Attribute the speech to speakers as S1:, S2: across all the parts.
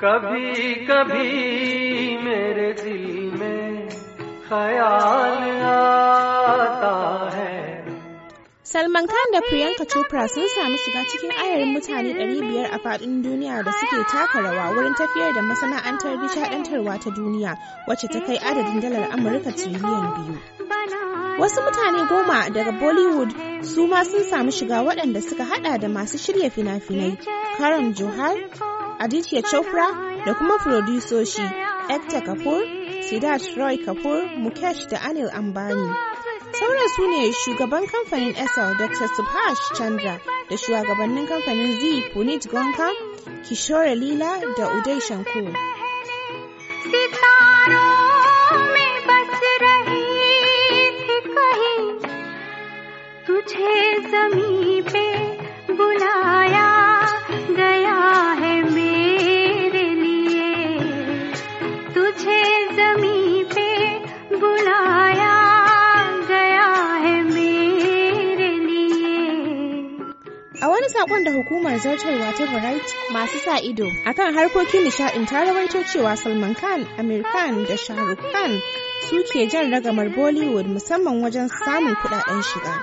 S1: कभी कभी मेरे दिल में
S2: ख्याल आता है Salman Khan da Priyanka Chopra sun samu shiga cikin ayarin mutane 500 a faɗin duniya da suke taka rawa wurin tafiyar da masana'antar nishaɗantarwa ta duniya wacce ta kai adadin dalar Amurka tiriliyan biyu. Wasu mutane goma daga Bollywood su ma sun samu shiga waɗanda suka haɗa da masu shirya fina-finai, Karan Johar, Aditya Chopra da kuma furodusoshi Ekta Kapoor, Siddharth Roy Kapoor, Mukesh da Anil Ambani. Sauran su ne shugaban kamfanin Essel Dr. Subhash Chandra da shugabannin kamfanin Z Punit Gonka, Kishore Lila da Uday Shankur.
S1: तुझे जमी
S2: wani sakon da hukumar zartarwa ta Variety masu sa ido akan harkokin nishaɗin ta rawaito cewa Salman Khan, Amir Khan da Shahrukh Khan su ke jan ragamar Bollywood musamman wajen samun kudaden shiga.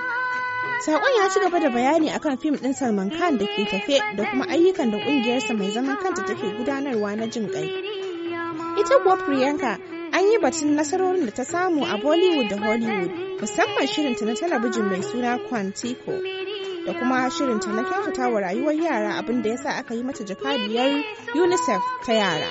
S2: Sakon ya ci gaba da bayani akan fim din Salman Khan da ke tafe da kuma ayyukan da kungiyarsa mai zaman kanta take gudanarwa na jin kai. Ita kuwa Priyanka an yi batun nasarorin da ta samu a Bollywood da Hollywood musamman shirinta na talabijin mai suna Quantico. da kuma shirinta na kyautata wa rayuwar yara abinda ya sa aka yi mata jakadiyar UNICEF ta yara.